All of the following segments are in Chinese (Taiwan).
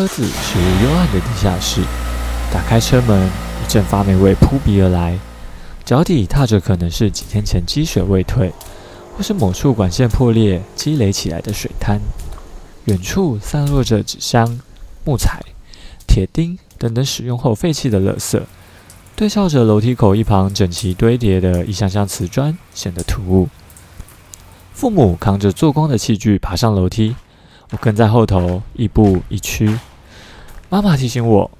車子駛入幽暗的地下室，打開車門，一陣發黴味撲鼻而來。腳底踏着可能是幾天前積水未退，或是某處管線破裂積累起來的水灘。遠處散落着紙箱、木材、鐵釘等等使用後廢棄的垃圾，對照着樓梯口一旁整齊堆疊的一箱箱瓷磚，顯得突兀。父母扛着做工的器具爬上樓梯，我跟在後頭，亦步亦趨。媽媽提醒我：“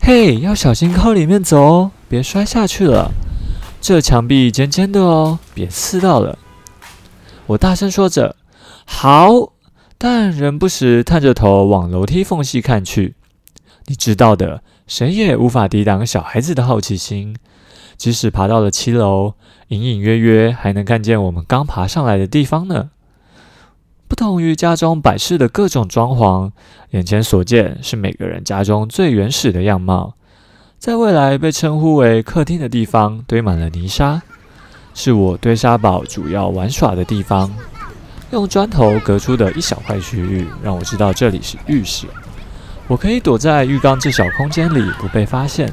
嘿，要小心靠裡面走哦，別摔下去了。這牆壁尖尖的哦，別刺到了。”我大聲說着：“好！”但仍不時探着頭往樓梯縫隙看去。你知道的，誰也無法抵擋小孩子的好奇心。即使爬到了七樓，隱隱約約還能看見我們剛爬上來的地方呢。不同於家中擺設的各種裝潢，眼前所見是每個人家中最原始的樣貌。在未來被稱呼為客廳的地方堆滿了泥沙，是我堆沙堡主要玩耍的地方。用磚頭隔出的一小塊區域讓我知道這裡是浴室，我可以躲在浴缸這小空間裡不被發現。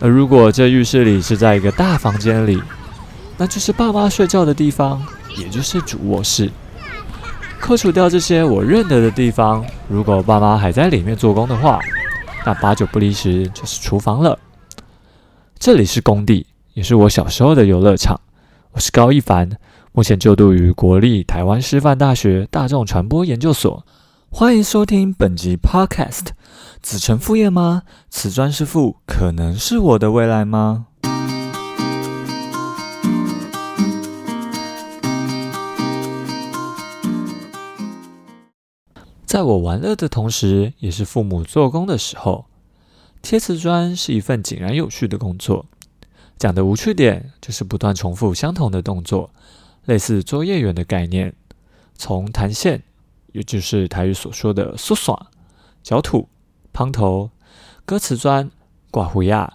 而如果這浴室裡是在一個大房間裡，那就是爸媽睡覺的地方，也就是主臥室。扣除掉這些我認得的地方，如果爸媽還在裡面做工的話，那八九不離十就是廚房了。這裡是工地，也是我小時候的遊樂場。我是高逸帆，目前就讀於國立台灣師範大學大眾傳播研究所。歡迎收聽本集 Podcast。子承父業嗎？瓷磚師傅可能是我的未來嗎？在我玩樂的同時，也是父母做工的時候。貼瓷磚是一份井然有序的工作。講的無趣點，就是不斷重複相同的動作，類似作業員的概念。從彈線，也就是台語所說的“蘇耍”，攪土、夯頭、割瓷磚、刮胡牙、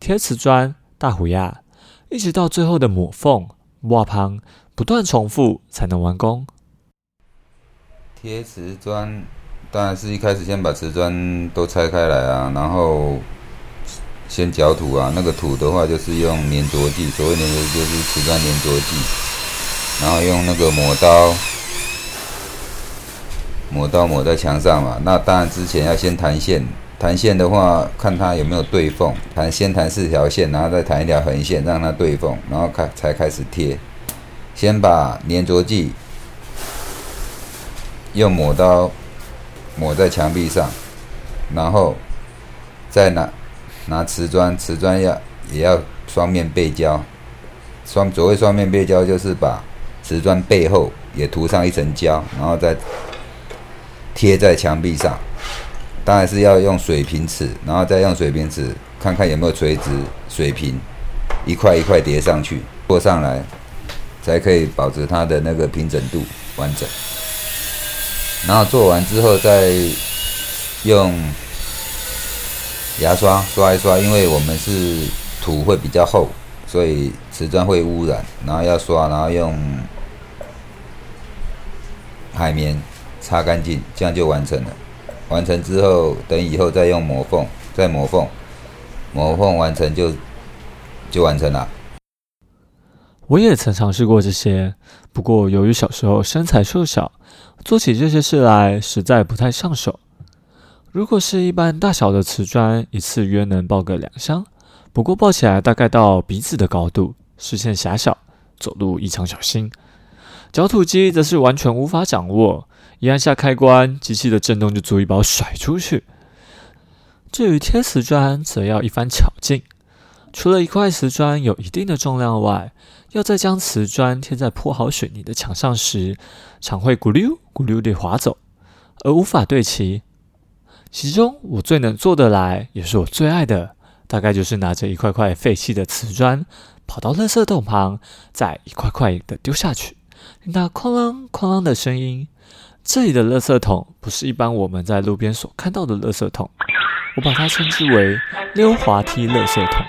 貼瓷磚、大胡牙，一直到最後的抹縫、挖旁，不斷重複才能完工。貼瓷磚，當然是一開始先把瓷磚都拆開來啊，然後先攪土啊。那個土的話就是用粘着劑，所謂粘着劑就是瓷磚粘着劑，然後用那個抹刀，抹刀抹在牆上嘛。那當然之前要先彈線，彈線的話看它有沒有對縫，彈先彈四條線，然後再彈一條橫線，讓它對縫，然後開才開始貼，先把粘着劑。用抹刀抹在牆壁上，然後再拿拿瓷磚，瓷磚也要也要雙面背膠。雙所謂雙面背膠，就是把瓷磚背後也塗上一層膠，然後再貼在牆壁上。當然是要用水平尺，然後再用水平尺看看有沒有垂直、水平，一塊一塊疊上去，做上來，才可以保持它的那個平整度完整。然後做完之後，再用牙刷刷一刷，因為我們是土會比較厚，所以瓷磚會污染，然後要刷，然後用海綿擦乾淨，這樣就完成了。完成之後，等以後再用磨縫，再磨縫，磨縫完成就就完成了。我也曾嘗試過這些，不過由於小時候身材瘦小，做起這些事來實在不太上手。如果是一般大小的瓷磚，一次約能抱個兩箱，不過抱起來大概到鼻子的高度，視線狹小，走路異常小心。攪土機則是完全無法掌握，一按下開關，機器的震動就足以把我甩出去。至於貼瓷磚，則要一番巧勁。除了一塊瓷磚有一定的重量外，要再將瓷磚貼在鋪好水泥的牆上時，常會咕溜咕溜地滑走，而無法對齊。其中我最能做得來，也是我最愛的，大概就是拿着一塊塊廢棄的瓷磚，跑到垃圾桶旁，再一塊塊的丟下去，聽它哐啷哐啷的聲音。這裡的垃圾桶不是一般我們在路邊所看到的垃圾桶，我把它稱之為溜滑梯垃圾桶。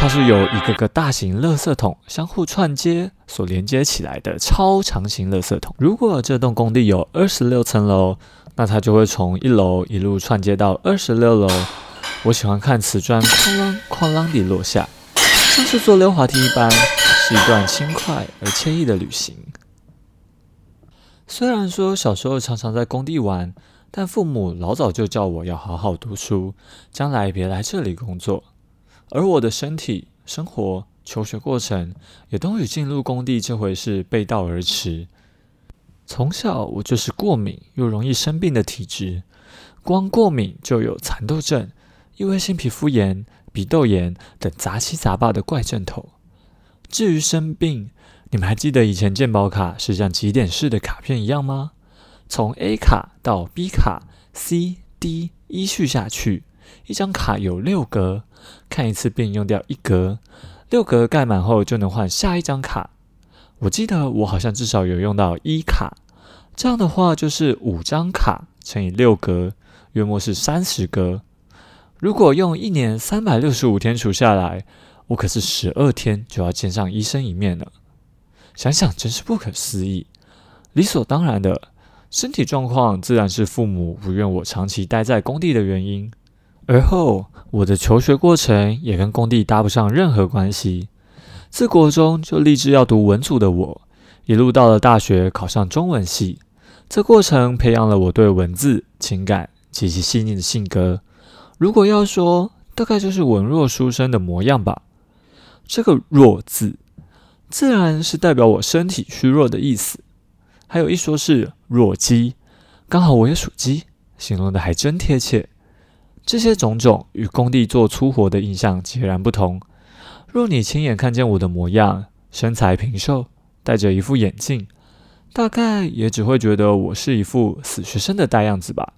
它是由一個個大型垃圾桶相互串接所連接起來的超長型垃圾桶。如果這棟工地有二十六層樓，那它就會從一樓一路串接到二十六樓。我喜歡看磁磚哐啷哐啷地落下，像是坐溜滑梯一般，是一段輕快而愜意的旅行。雖然說小時候常常在工地玩，但父母老早就叫我要好好讀書，將來別來這裡工作。而我的身體、生活、求學過程，也都與進入工地這回事背道而馳。從小我就是過敏又容易生病的體質，光過敏就有蠶豆症、異位性皮膚炎、鼻竇炎等雜七雜八的怪症頭。至於生病，你們還記得以前健保卡是像幾點式的卡片一樣嗎？從 A 卡到 B 卡、C、D、E 依序下去。一張卡有六格，看一次病用掉一格，六格蓋滿後就能換下一張卡。我記得我好像至少有用到一卡，這樣的話就是五張卡乘以六格，約莫是三十格。如果用一年三百六十五天除下來，我可是十二天就要見上醫生一面了。想想真是不可思議。理所當然的，身體狀況自然是父母不願我長期待在工地的原因。而後，我的求學過程也跟工地搭不上任何關係。自國中就立志要讀文組的我，一路到了大學考上中文系，這過程培養了我對文字、情感極其細膩的性格。如果要說，大概就是文弱書生的模樣吧。這個“弱”字，自然是代表我身體虛弱的意思。還有一說是弱雞，剛好我也屬雞，形容的還真貼切。這些種種與工地做粗活的印象截然不同。若你親眼看見我的模樣，身材平瘦，戴着一副眼鏡，大概也只會覺得我是一副死學生的呆樣子吧，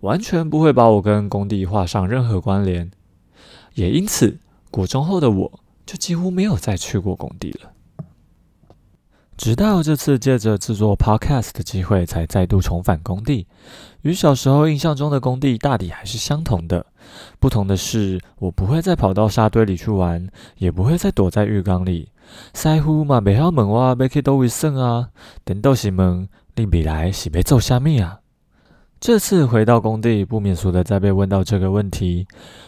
完全不會把我跟工地畫上任何關聯。也因此，國中後的我就幾乎沒有再去過工地了。直到這次借着製作 podcast 的機會，才再度重返工地。與小時候印象中的工地大抵還是相同的，不同的是，我不會再跑到沙堆裡去玩，也不會再躲在浴缸裡。塞呼嘛，袂好猛挖，袂去斗維勝啊！等斗洗門，另比來洗杯臭蝦米啊！這次回到工地，不免俗的再被問到這個問題。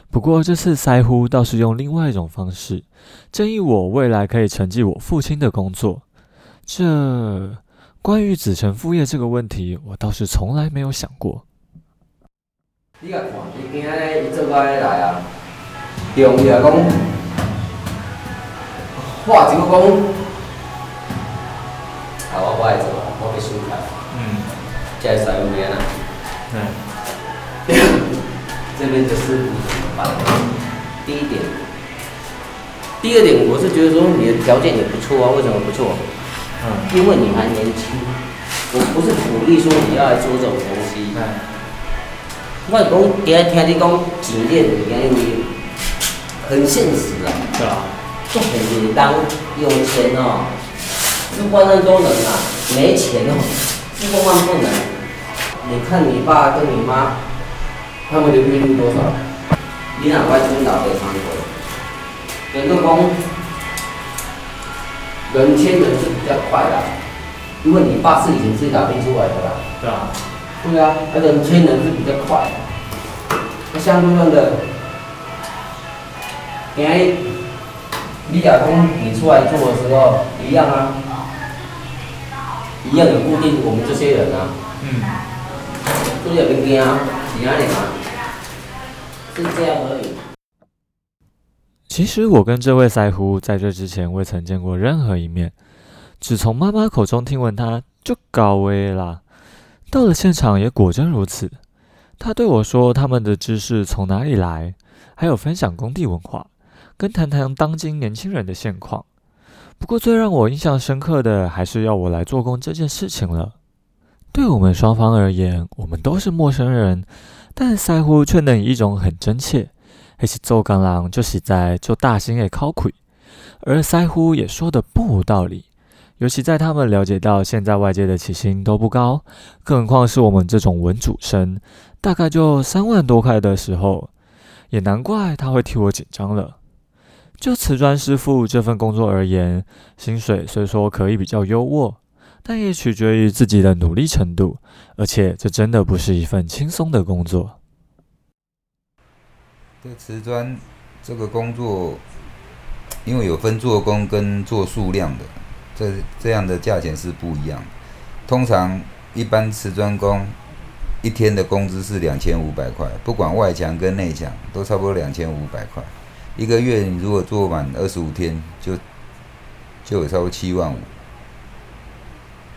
不過這次塞呼倒是用另外一種方式，建議我未來可以承繼我父親的工作。這關於子承父業這個問題，我倒是從來沒有想過。你要講，今天伊走過來啊，用伊來講，話就講啊，我不會做，我不會做。嗯。在上面啊。嗯。這邊就是，啊，第一點。第二點，我是覺得說你的條件也不錯啊，為什麼不錯？因為你還年輕，我不是鼓勵說你要來做這種東西。外公、嗯，爹聽，聽你講，現在你人人人很現實啊。對啊啦。做點東西，當有錢哦，不管能都人啊；沒錢哦，不管不能。你看你爸跟你媽，他們一個月多少？ 你兩外公腦袋上頭，整個工。人遷人是比較快的，的因為你爸是以前自己打拼出來的吧？對啊，對啊，他人遷人是比較快，不像那樣的。你看，李亞東，你出來做的時候一樣啊，一樣的固定我們這些人啊。嗯。都有工資啊，你那裡嘛？是這樣而已。其實我跟這位師傅在這之前未曾見過任何一面，只從媽媽口中聽聞他就高危啦。 到了現場也果真如此。他對我說他們的知識從哪裡來，還有分享工地文化，跟談談當今年輕人的現況。不過最讓我印象深刻的還是要我來做工這件事情了。對我們雙方而言，我們都是陌生人，但師傅卻能以一種很真切。一起做干廊就是在做大型的 copy，而腮乎也說得不無道理。尤其在他們了解到現在外界的起薪都不高，更何況是我們這種文組生，大概就三萬多塊的時候，也難怪他會替我緊張了。就瓷磚師傅這份工作而言，薪水雖說可以比較優渥，但也取決於自己的努力程度，而且這真的不是一份輕鬆的工作。這個瓷磚這個工作，因為有分做工跟做數量的，這這樣的價錢是不一樣的。通常一般瓷磚工一天的工資是兩千五百塊，不管外牆跟內牆都差不多兩千五百塊。一個月你如果做滿二十五天，就就有超過七萬五。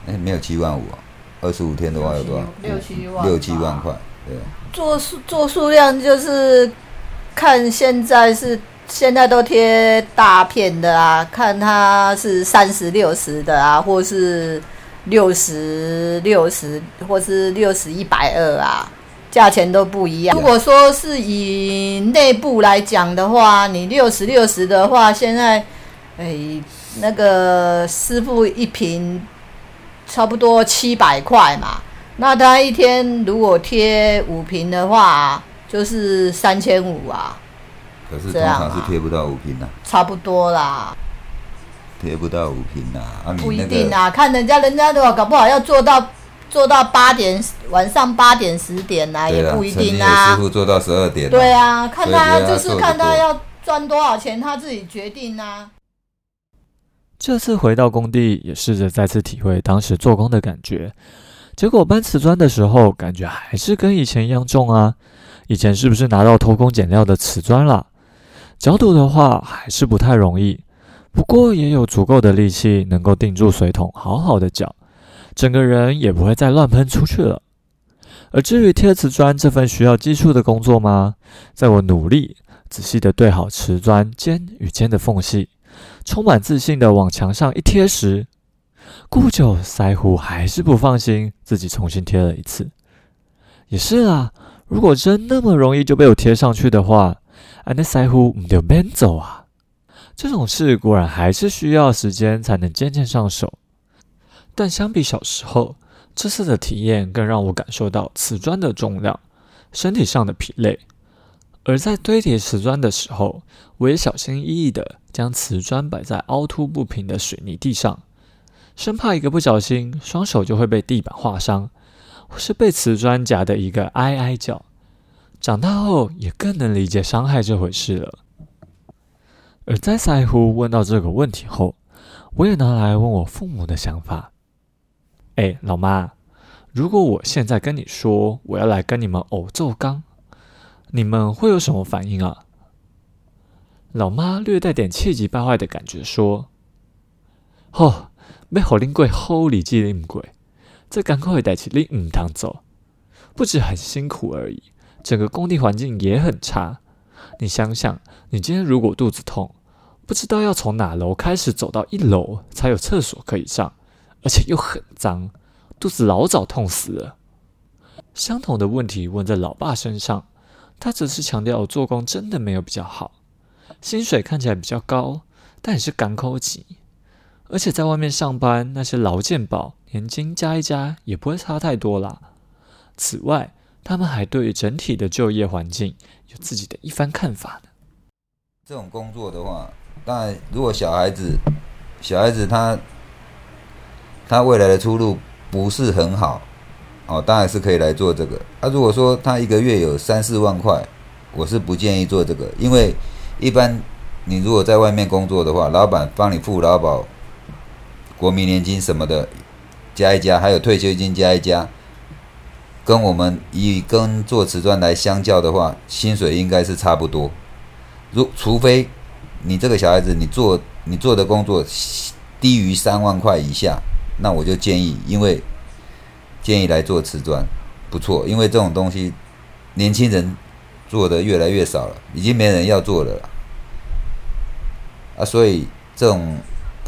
哎、欸，沒有七萬五啊，二十五天的話有多少？六七，六七萬。六七萬塊，對。做數做數量就是。看現在是現在都貼大片的啊，看它是三十六十的啊，或是六十六十，或是六十一百二啊，價錢都不一樣。嗯、如果說是以內部來講的話，你六十六十的話，現在誒、欸、那個師傅一坪差不多七百塊嘛，那他一天如果貼五坪的話、啊。都是三千五啊，可是通常是貼不到五坪、啊、差不多啦，貼不到五坪啊，不一定啊，那個、看人家人家都搞不好要做到做到八點晚上八點十點吶、啊，啦也不一定啊。師傅做到十二點、啊。對啊，看他就是看他要賺多少錢，他自己決定啊。這次回到工地，也試着再次體會當時做工的感覺，結果搬瓷磚的時候，感覺還是跟以前一樣重啊。以前是不是拿到偷工減料的瓷磚了？攪土的話還是不太容易，不過也有足夠的力氣能夠定住水桶，好好的攪，整個人也不會再亂噴出去了。而至於貼瓷磚這份需要技術的工作嗎？在我努力仔細的對好瓷磚間與間的縫隙，充滿自信的往牆上一貼時，不久師傅還是不放心，自己重新貼了一次。也是啊。如果真那麼容易就被我貼上去的話，那師傅不就免走啊！這種事果然還是需要時間才能漸漸上手。但相比小時候，這次的體驗更讓我感受到瓷磚的重量、身體上的疲累。而在堆疊瓷磚的時候，我也小心翼翼地將瓷磚擺在凹凸不平的水泥地上，生怕一個不小心，雙手就會被地板劃傷。是被瓷磚夾的一個哀哀叫，長大後也更能理解傷害這回事了。而在三乎問到這個問題後，我也拿來問我父母的想法。哎，老媽，如果我現在跟你說我要來跟你們偶奏剛，你們會有什麼反應啊？老媽略帶點氣急敗壞的感覺說：“吼、哦，被何靈鬼好日子，靈鬼。在港口也帶起另一趟走，不只很辛苦而已，整個工地環境也很差。你想想，你今天如果肚子痛，不知道要從哪樓開始走到一樓才有廁所可以上，而且又很髒，肚子老早痛死了。相同的問題問在老爸身上，他只是強調做工真的沒有比較好，薪水看起來比較高，但也是港口級，而且在外面上班那些勞健保，年金加一加也不會差太多啦。此外，他們還對整體的就業環境有自己的一番看法呢。這種工作的話，當然如果小孩子小孩子，他他未來的出路不是很好哦，當然是可以來做這個。啊，如果說他一個月有三四萬塊，我是不建議做這個，因為一般你如果在外面工作的話，老闆幫你付勞保、國民年金什麼的。加一加，還有退休金加一加，跟我們以跟做磁磚來相較的話，薪水應該是差不多，如除非你這個小孩子你做你做的工作低於三萬塊以下，那我就建議，因為建議來做磁磚不錯，因為這種東西年輕人做的越來越少了，已經沒人要做了啦，啊，所以這種。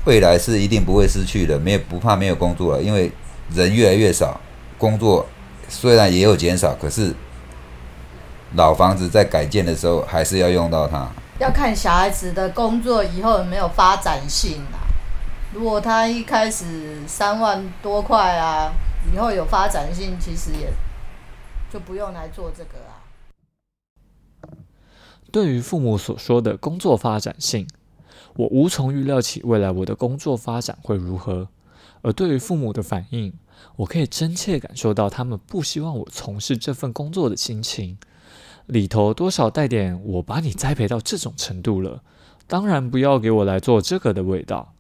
未來是一定不會失去的，沒有，不怕沒有工作了，因為人越來越少，工作雖然也有減少，可是老房子在改建的時候還是要用到它。要看小孩子的工作以後有沒有發展性啊，如果他一開始三萬多塊啊，以後有發展性，其實也就不用來做這個啊。對於父母所說的工作發展性，我無從預料起未來我的工作發展會如何，而對於父母的反應，我可以真切感受到他們不希望我從事這份工作的心情，裡頭多少帶點“我把你栽培到這種程度了，當然不要給我來做這個”的味道。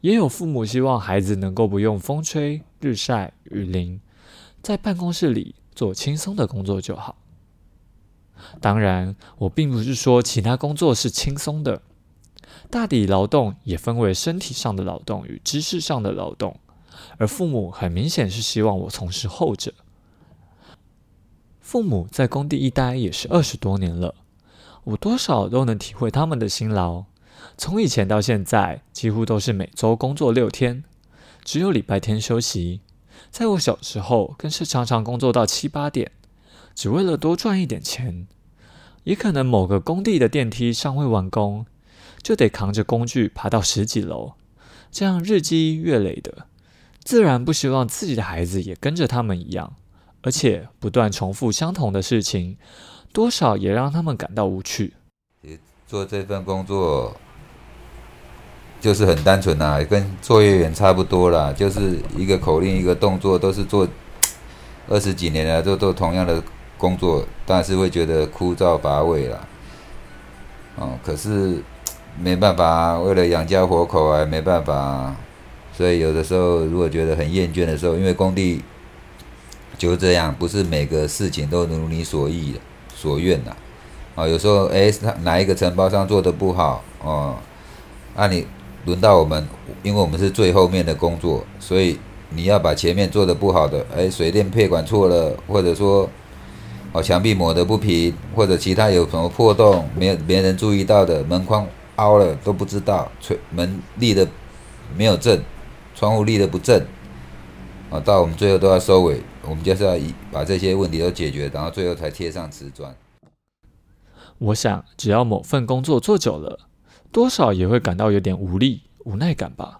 也有父母希望孩子能夠不用風吹日曬雨淋，在辦公室裡做輕鬆的工作就好。當然，我並不是說其他工作是輕鬆的。大抵勞動也分為身體上的勞動與知識上的勞動，而父母很明顯是希望我從事後者。父母在工地一待也是二十多年了，我多少都能體會他們的辛勞。從以前到現在，幾乎都是每周工作六天，只有禮拜天休息。在我小時候，更是常常工作到七八點，只為了多賺一點錢。也可能某個工地的電梯尚未完工，就得扛着工具爬到十幾樓，這樣日積月累的，自然不希望自己的孩子也跟着他們一樣，而且不斷重複相同的事情，多少也讓他們感到無趣。做這份工作就是很單純啊，跟作業員差不多啦，就是一個口令一個動作，都是做二十幾年來做做同樣的工作，但是會覺得枯燥乏味啦。嗯，可是。沒辦法，為了養家活口啊，沒辦法。所以有的時候，如果覺得很厭倦的時候，因為工地就這樣，不是每個事情都如你所意、所願的啊、哦，有時候誒，哪一個承包商做得不好，哦，那、啊、你輪到我們，因為我們是最後面的工作，所以你要把前面做得不好的，誒，水電配管錯了，或者說哦，牆壁抹得不平，或者其他有什麼破洞，沒有別人注意到的門框。凹了都不知道，門立的沒有正，窗戶立的不正，啊，到我們最後都要收尾，我們就是要以把這些問題都解決，然後最後才貼上瓷磚。我想，只要某份工作做久了，多少也會感到有點無力、無奈感吧。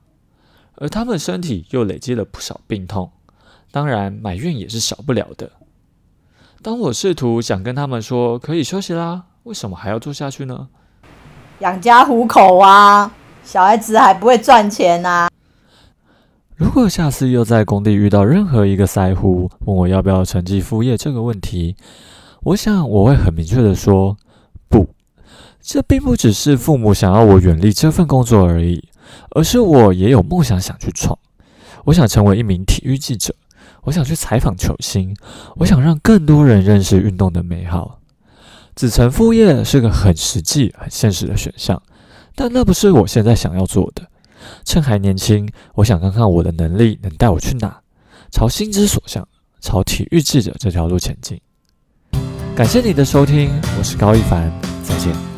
而他們身體又累積了不少病痛，當然埋怨也是少不了的。當我試圖想跟他們說可以休息啦，為什麼還要做下去呢？養家糊口啊，小孩子還不會賺錢吶、啊。如果下次又在工地遇到任何一個師傅，問我要不要承繼父業這個問題，我想我會很明確地說不。這並不只是父母想要我遠離這份工作而已，而是我也有夢想想去闖。我想成為一名體育記者，我想去採訪球星，我想讓更多人認識運動的美好。子承父業是個很實際、很現實的選項，但那不是我現在想要做的。趁還年輕，我想看看我的能力能帶我去哪，朝心之所向，朝體育記者這條路前進。感謝你的收聽，我是高逸帆，再見。